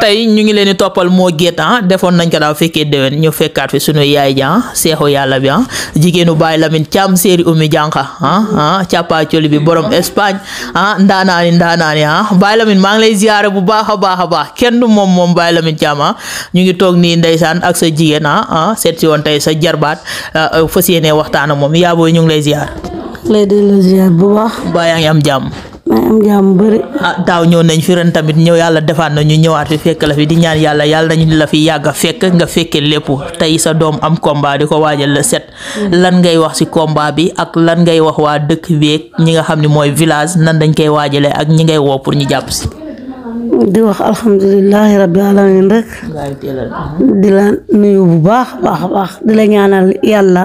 tey ñu ngi leen di toppal moo géet ah defoon nañ ko daaw fekkee déwén ñu fekkaat fi sunu yaay ji ah seexu yàlla bi ah jigéenu Baye Lamine Thiam séeri umi jànqa ah ah càppaacoli bi borom Espagne ah ndaanaani ndaanaani ah Baye Lamine maa ngi lay ziyaare bu baax a baax a baax kenn du moom moom Baye Lamine Thiam ah ñu ngi toog nii ndeysaan ak sa jigéen ah ah seet si woon tey sa jarbaat ah, fas yéenee waxtaan ak moom yaa booy ñu ngi lay ziyaar lay di la ziyaar bu baax baa yaa ngi am jàmm maa am jàmm bëri. ah daaw ñëw nañ fi ren tamit ñëw yàlla defaat na ñu ñëwaat fi fekk la fi di ñaan yàlla yàlla nañu la fi yàgg a fekk nga fekke lépp tey sa doom am combat di ko waajal la set. Mm. lan ngay wax ci combat bi ak lan ngay wax waa dëkk beeg ñi nga xam ne mooy village nan dañ koy waajalee ak ñi ngay woo pour ñu jàpp si di wax alhamdulilahi rabbi alamin rek di la nuyu bu baax baax baax di la ñaanal yàlla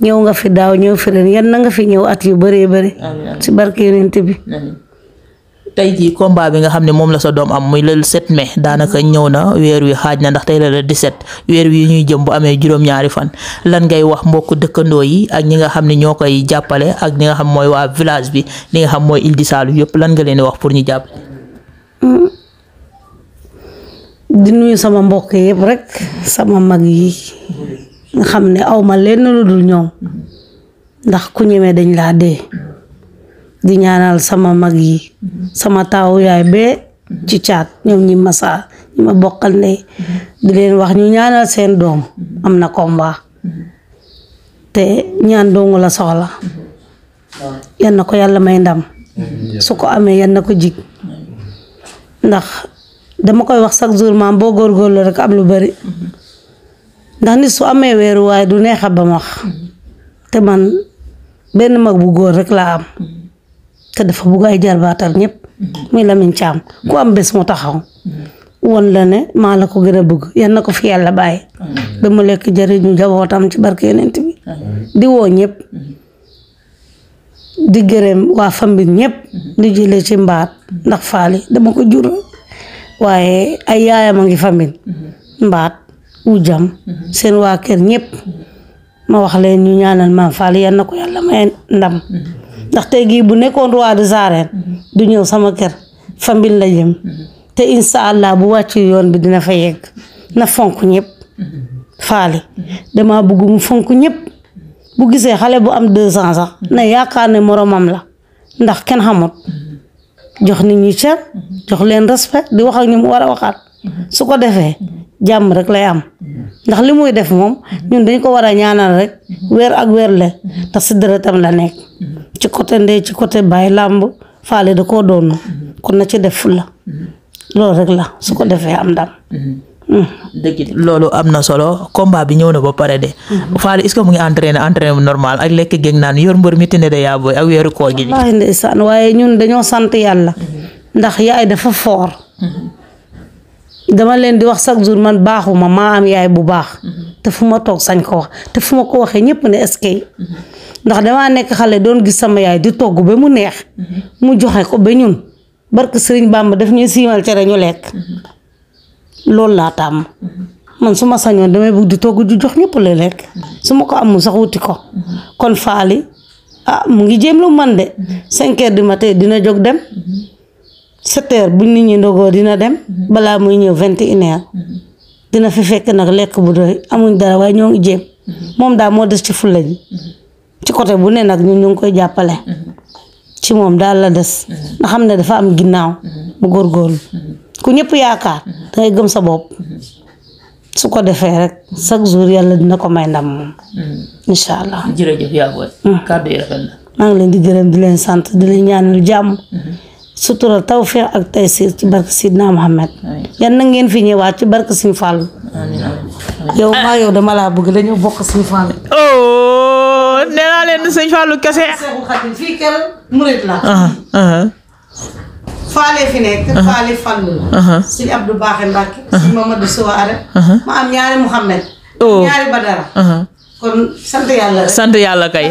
ñëw nga fi daaw ñëw fi ren yan na nga fi ñëw at yu bëree bëri ci barke yonent bi tey jii combat bi nga xam ne moom la sa doom am muy le 7 mai daanaka ñëw na weer wi xaaj na ndax tey la le 17 weer wi ñuy jëm bu amee juróom-ñaari fan lan ngay wax mbokk dëkkandoo yi ak ñi nga xam ne ñoo koy jàppale ak ñi nga xam mooy waa village bi li nga xam mooy Île du Saloum yëpp lan nga leen di wax pour ñu jàpp mm. di nuyu sama mbokk yépp rek sama mag yi nga xam ne awma lenn lu dul ñoom ndax ku ñemee dañ laa dee di ñaanal sama mag yi sama taawu yaay bee ci caat ñoom ñi masa ñi ma bokkal ne di leen wax ñu ñaanal seen doom am na combat te ñaan doomu la soxla yan na ko yàlla may ndam su ko amee yan na ko jig ndax dama koy wax chaque jour maam boo góorgóorlu rek am lu bari ndax nit su amee weeruwaay du neexa ba ma wax te man benn mag bu góor rek laa am te dafa bugg ay jarbaatam ñëpp muy Lamine Thiam ku am bés mu taxaw won la ne maa la ko gën a bëgg yan na ko fi yàlla bàyyi ba mu lekk jëriñu jabootam ci barke Yonent bi di woo ñëpp di gërëm waa famille ñëpp di jëlee ci mbaat ndax faali dama ko jural waaye ay yaayam a ngi famille mm-hmm. mbaat u mm-hmm. seen waa kër ñëpp mm-hmm. ma wax leen ñu ñaanal maam Fall yan na ko yàlla may ndam ndax tey gii bu nekkoon roi des arènes du ñëw sama kër famille la jëm te incha allah bu wàcc yoon bi dina fa yegg na fonk ñëpp faali dama bëgg fonk ñëpp bu gisee xale bu am deux ans sax na yaakaar ne moromam la ndax kenn xamut jox nit ñi cër jox leen respect di wax ak ñu mu war a waxaat su ko defee jàmm rek lay am ndax li muy def moom ñun dañ ko war a ñaanal rek weer ak weer le tax si deretam la nekk ci côté ndey ci côté baay làmb faale da koo doon kon na ci def la loolu rek la su ko defee am ndam dëgg loolu am na solo combat bi ñëw na ba pare de. Mhm. Fally est-ce que mu ngi ak lekk géeg naan yor mbër mi tënne de yaa booy ak weeru koor gi. wallaahi waaye ñun dañoo sant yàlla. Mhm. ndax yaay dafa foor. Mhm. dama leen di wax chaque jour man baaxuma maa am yaay bu baax. te fu ma toog sañ ko wax te fu ma ko waxee ñëpp ne est ndax damaa nekk xale doon gis sama yaay di togg ba mu neex. mu joxe ko ba ñun barke Sëriñ Bàmba daf ñuy siimal cere ñu lekk. loolu laa tàmm man su ma sañoon damay bëgg di togg di jox ñëpp la lekk su ma ko amul sax wuti ko kon faali ah mu ngi jéem lu man de cinq heures du matin dina jóg dem sept heures bu nit ñi ndogoo dina dem balaa muy ñëw vingt et une dina fi fekk nag lekk bu doy amuñ dara waaye ñoo ngi jéem moom daal moo des ci fulla ji ci côté bu ne nag ñun ñu ngi koy jàppale ci moom daal la des nga xam ne dafa am ginnaaw mu góorgóorlu ku ñëpp yaakaar te gëm sa bopp su ko defee rek chaque jour yàlla dina ko may ndam moom. Mm-hmm. incha allah jërëjëf yaa mm. maa ngi leen di gërëm di leen sant di leen ñaanal jàmm. Mm-hmm. taw tawféex ak taysiir ci barke Sidna Mohamed. yan na ngeen fi ñëwaat ci barke Sëñ Fall. yow maa yow dama laa bëgg dañoo bokk Sëñ Fall. oh nee naa leen Sëñ Fallu kese. Seexu Xadim fii kër murit la. Ah, ah. faale fi nekk faale fàllu la sëñ Abdou Baaxe Mbàkke sëñ Mamadou Sowa Are uh-huh. ma am ñaari Muhammad oh. uh-huh. sant yàlla rek kay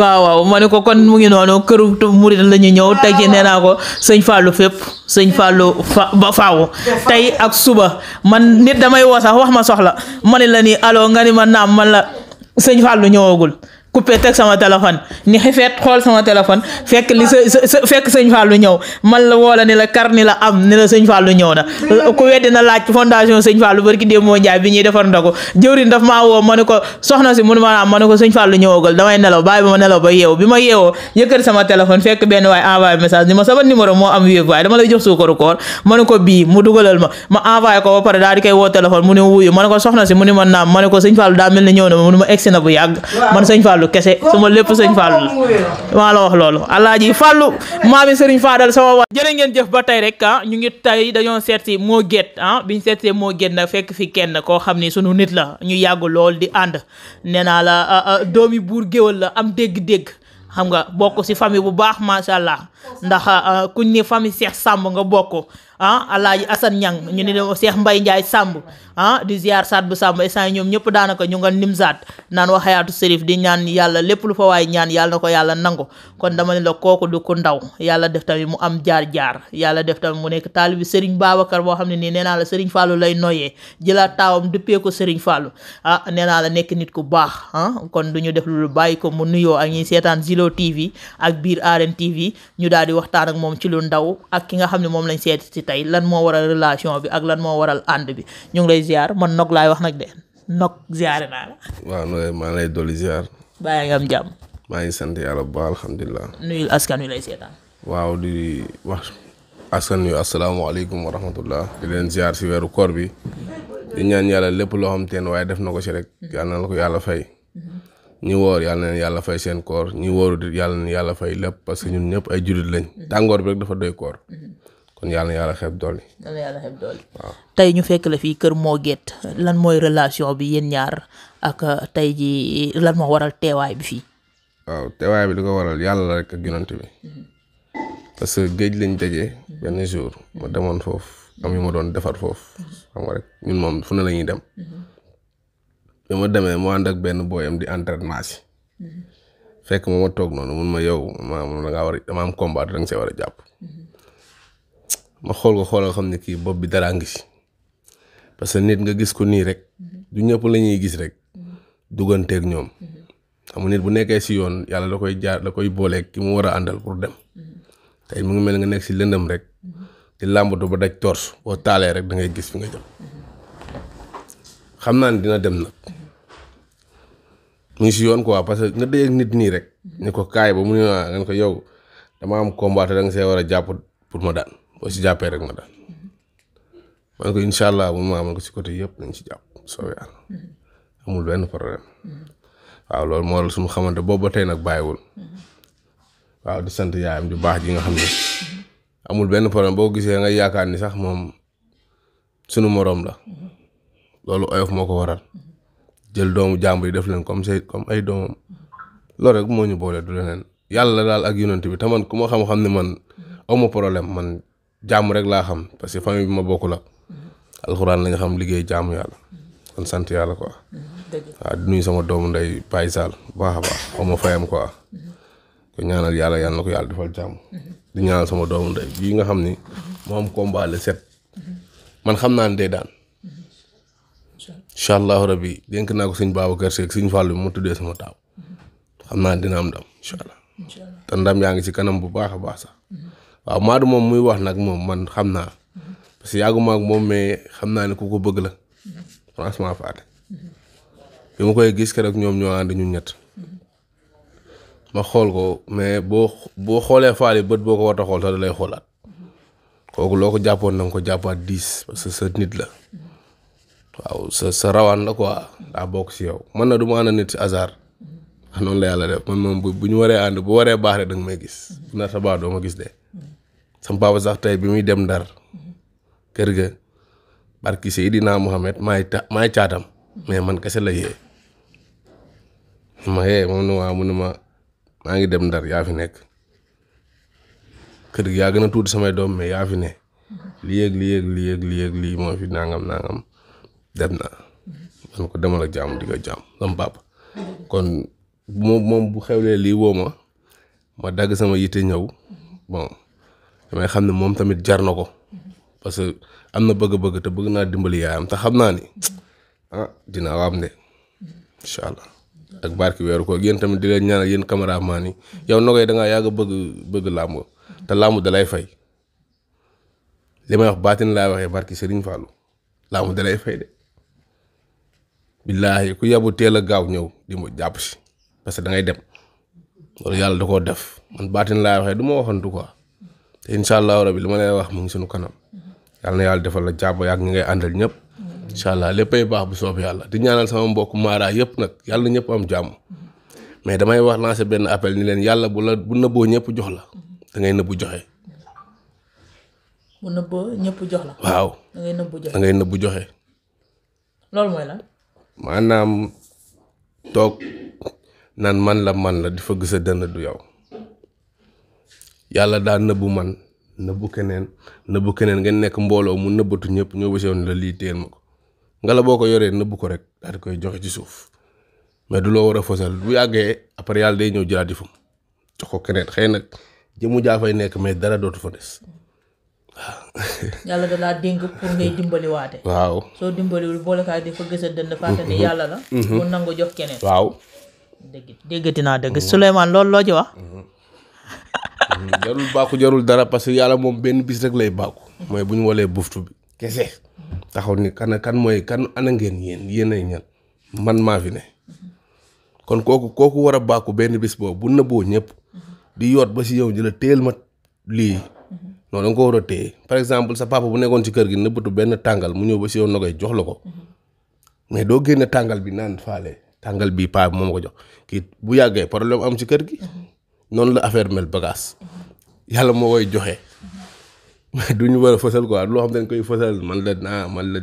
waaw waaw ma ne ko kon mu ngi noonu këru murid la ñu ñëw tey ci nee naa ko sëñ Fallou fépp sëñ Fallou fa ba faaw tey ak suba man nit damay woo sax wax ma soxla ma ne la ni allo nga ni ma naam man la sëñ Fallou ñëwagul coupé teg sama téléphone ni xifeet xool sama téléphone fekk sëñ Fallou ñëw man la woo la ni la kar ni la am ni la sëñ Fallou ñëw na ku weddi na laaj fondation sëñ Fallou barki dee moo njaay bi ñuy defar ndogu jëwriñ daf maa woo ma ne ko soxna si munu ma naam ko sëñ Fallou ñëwagal damay nelaw bàyyi ba ma nelaw ba yeewu bi ma fekk benn waay envoyé message ni ma sama numéro moo am wéeg waaye dama lay jox suukaru koor ko soxna si mu ne ma naam ma ne ko sëñ Fallou daa mel ni ñëw na ma mu ma egsi na bu yàgg man sëñ Fallou Fallou kese sama lépp sëñ Fallou la maa la wax loolu alaaji Fallou maami sëriñ Fadal sama waa jërë ngeen jëf ba tey rek ah, ñu ngi tey dañoo seet si moo géet ah biñu seet see moo géet nag fekk fi kenn koo xam ni sunu nit la ñu yàgg lool di ànd nee naa la ah, ah, doomi buur géwal la am dégg-dégg xam nga bokk si famille bu baax macha allah ndax kuñ ni famille Cheikh Samb nga bokk ah alaaji Assane Niang ñu ni de seex mbay Ndiaye Samb ah di ziar saat bu Samb instant ñoom ñëpp daanaka ñu nga saat naan wa xayaatu sérif di ñaan yàlla lépp lu fa waaye ñaan yàlla na ko yàlla nangu kon dama ne la kooku du ku ndaw yàlla def tamit mu am jaar-jaar yàlla def tamit mu nekk taalibi Serigne Babacar boo xam ne nii nee naa la Serigne Fallou lay noyee jëlaat taawam duppee ko Serigne Fallou ah nee naa la nekk nit ku baax ah kon du ñu def lu bàyyi ko mu nuyoo ak ñu seetaan Zilo TV ak biir Arène TV ñu daal di waxtaan ak moom ci lu ndaw ak ki nga ne moom lañ seeti tey lan moo waral relation bi ak lan moo waral ànd bi ñu ngi lay ziar man nog laay wax nag de nog ziare naa la. waaw nooy lay dolli ziar. bàyyi jàmm. maa ngi sant yàlla bu baax alhamdulilah. nuyul askan wi lay seetaan. waaw di wax askan wi asalaamaaleykum wa rahmatullah di leen ziar si weeru koor bi. di ñaan yàlla lépp loo xam teen waaye def na ko si rek. yàlla na la ko yàlla fay. ñi woor yàlla na yàlla fay seen koor ñi wóorut yàlla na yàlla fay lépp parce que ñun ñëpp ay jullit lañ. tàngoor bi rek dafa doy koor. kon yàlla na yàlla xeeb dool yi. yàlla waaw tey ñu fekk la fii kër moo Gates lan mooy relation bi yéen ñaar ak uh, tey ji lan moo waral teewaay bi fii. waaw teewaay bi li ko waral yàlla la rek ak yonent bi. parce que géej lañ dajee. benn jour ma demoon foofu am yu ma doon defar foofu. xam nga rek ñun moom fu ne la ñuy dem. bi ma demee mu ànd ak benn booyam di entraînement si. Mm-hmm. fekk ma ma toog noonu mun ma yow ma a dama am combat danga see war a jàpp. nga xool nga xool nga xam ne kii bopp bi dara ngi si parce que nit nga gis ko nii rek du ñëpp la ñuy gis rek dugganteeg ñoom xam nga nit bu nekkee si yoon yàlla da koy jaar da koy booleeg ki mu war a àndal pour dem tey mu ngi mel nga nekk si lëndëm rek di làmbatu ba daj tors taalee rek da ngay gis fi nga jëm xam naa ne dina dem nag mu ngi si yoon quoi parce que nga dëyeeg nit nii rek ni ko kaay ba mu ne nga ko yow dama am combat da nga see war a jàpp pour ma daan. boo ci jàppee rek ma daal man ko incha allah mun ma amal ko côté yëpp nañ ci jàpp soobee amul benn problème waaw loolu moo la suñu xamante boobu ba tey nag bàyyiwul waaw di sant yaayam ju baax ji nga xam ne amul benn problème boo gisee nga yaakaar ni sax moom sunu moroom la loolu oyof moo ko waral jël doomu jàmbur yi def leen comme say comme ay doomam loolu rek moo ñu boole du leneen yàlla daal ak yonent bi te man ku ma xam-xam ne man amu problème man. jàmm rek laa xam parce que famille bi ma bokk la alxuraan la nga xam liggéey jaamu yàlla kon sant yàlla quoi. waaw di nuyu sama doomu nday Baye Sall bu baax a ko ñaanal yàlla yàlla na ko yàlla defal jàmm. di ñaanal sama doomu ndey bii nga xam ni. moo am combat man xam naa ne day daan. incha allahu rabi dénk naa ko sëñ Babacar Seck sëñ Fallou bi mu tuddee sama taaw. xam naa dina am ndam incha allah. te ngi ci kanam bu baax a baax sax. waaw Madou moom muy wax nag moom man xam naa parce que yàgguma ak moom mais xam naa ne ku ko bëgg la franchement Fati bi ma koy gis keroog ñoom ñoo ànd ñett ma xool ko mais boo boo xoolee Fally bët boo ko war a lay xoolaat kooku loo ko jàppoon na ko jàppaat diis parce que sa nit la waaw sa sa rawaan la quoi daa bokk si yow man na du ma ànd nit si hasard noonu la yàlla def man moom bu ñu waree ànd bu waree baax rek da nga may gis bu nar sa baax doo ma gis de. sama sax tey bi muy dem ndar kër ga barki Seydina Mohamed maay ta maay caatam mais man kese la yee moom ne waa mu ne ma maa ngi dem ndar yaa fi nekk kër gi yaa gën a tuuti samay doom mais yaa fi ne lii yëg lii yëg lii yëg lii yëg lii moo fi nangam nangam dem na man ko demal ak jàmm di ko jàmm sama kon moom moom bu xewlee lii woo ma ma dagg sama yite ñëw damay xam ne moom tamit jar na ko parce que am na bëgg-bëgg te bëgg naa dimbali yaayam te xam naa ni ah dinaa waam de incha allah ak barki weeru ko yéen tamit di leen ñaanal yéen cameraman yi yow Nogaye da ngaa yàgg bëgg bëgg làmb te làmb dalay fay li may wax baatin laa waxee barki Serigne Fallou làmb dalay fay de billaahi ku yabu teel a gaaw ñëw di jàpp si parce que da ngay dem loolu yàlla da koo def man baatin laa waxee du ma waxantu quoi. te incha allahu rabi li ma lay wax mu ngi suñu kanam yàlla na yàlla defal la jàpp yàgg ñi ngay àndal ñëpp incha allah léppay baax bu soob yàlla di ñaanal sama mbokk maara yëpp nag yàlla ñëpp am jàmm mais damay wax lancé benn appel ni leen yàlla bu la bu nëbboo ñëpp jox la da ngay nëbbu joxe. bu nëbboo ñëpp jox la. waaw da nëbbu joxe da ngay nëbbu joxe. loolu mooy lan. toog naan man la man la di fëgg sa dënn du yow. yàlla daa nëbbu man nëbbu keneen nëbbu keneen ngeen nekk mbooloo mu nëbbatu ñëpp ñoo la lii téel ma ko nga boo ko yoree nëbbu ko rek koy joxe ci suuf mais du loo war a fësal bu yàggee après yàlla day ñëw jëlaat yëfam xëy nag jëmu jaa fay nekk mais dara dootu fa des waaw. a la. mu mm-hmm. nangu jox keneen. waaw. dégg déggati naa dëgg Souleymane loolu loo ci wax. Mm-hmm. jarul baaku jarul dara parce que yàlla moom benn bis rek lay baaku mooy bu ñu walee buftu bi kese taxaw ni kan kan mooy kan ana ngeen yéen yéen ay ñan man maa fi ne kon kooku kooku war a baaku benn bis boobu bu nëbboo ñëpp di yoot ba si yow di la téel ma lii non da nga ko war a téye par exemple sa papa bu nekkoon ci kër gi nëbbatu benn tàngal mu ñëw ba si yow nogay jox la ko mais doo génne tàngal bi naan faale tàngal bi paa moom ko jox kii gi noonu la affaire mel bagage yàlla moo koy joxe du ñu war a fësal quoi loo xam ne dañ koy fësal man la naa man la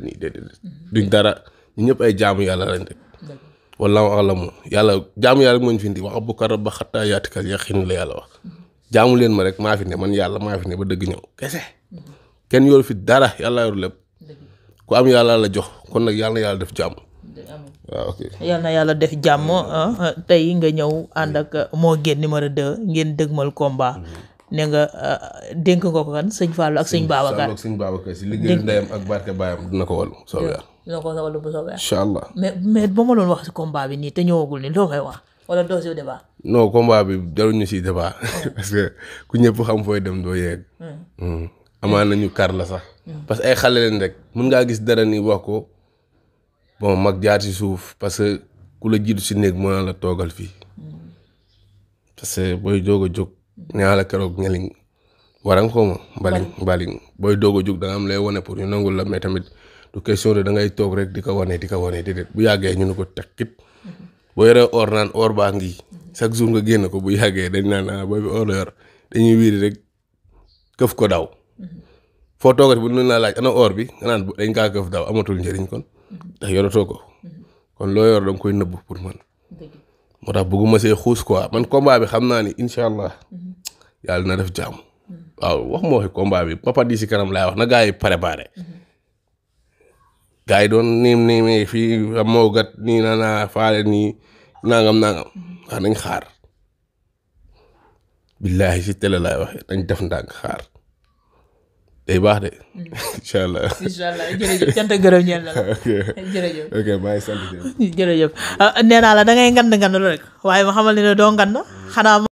duñ dara ñu ñëpp ay jaamu yàlla lañ rek wallaahu yàlla jaamu yàlla moo ñu fi wax bu karab la yàlla wax jaamu leen ma rek maa fi ne man yàlla maa fi ne ba dëgg ñëw kese mhm. kenn yoru fi dara yàlla yoru lépp ku am yàlla la jox kon nag yàlla yàlla def jaamu. waaw ok yal na yàlla def jàmm ah, tey nga ñëw ànd ak uh, moo génn numéro 2 ngeen dëgmal combat. ne nga uh, dénk nga ko kan sëñ Fallou ak sëñ Babacar ak sëñ Babacar si liggéeyu ndeyam ak barke baayam dina ko wàllu soobee yàlla. dina ko wàllu bu soobee yàlla. allah mais ba ma doon wax si combat bi nii te ñëwagul nii loo may wax wala doo si débat. non combat bi jarul ñu si débat oh. parce ku ñëpp xam fooy dem doo yegg. Hmm. Hmm. amaan nañu kar la sax. Hmm. parce ay xale leen rek mën ngaa gis dara ni wax ko. bon mag jaar ci suuf parce que ku la jiitu si néeg moo la toogal fii parce booy doog a jóg ñaa la keroog ñeliñ waran ko ma mbaliñ booy doog a jóg da am lay wane pour ñu nangul la mais tamit du da ngay toog rek di ko wane di ko wane déedéet bu yàggee ñu ne ko tekkit boo yoree or naan or baa ngi chaque jour nga génn ko bu yàggee dañ naan ah booy bi or la yor dañuy wiiri rek këf ko daw mhm. foo toogati bu ñu la laaj ana or bi nga naan dañ kaa këf daw amatul njëriñ kon. ndax yoratoo ko kon loo yor da koy nëbb pour man moo tax bëgguma see xuus quoi man combat bi xam naa ni incha allah yàlla na def jàmm waaw wax ma waxi combat bi papa di si kanam laay wax na gaa yi baare gaa yi doon niim niimee fii moo nii na naa faale nii nangam nangam wax nañ xaar billaahi si télé laay waxee dañ def ndànk xaar. day baax de. Mm. incha allah incha allah jërëjëf cant ak gërëm ñeel la la. jërëjëf ok maa ngi sant jërëjëf. jërëjëf ah, nee naa la da ngay ngand ngand rek waaye ma xamal ne doo ngand xanaa.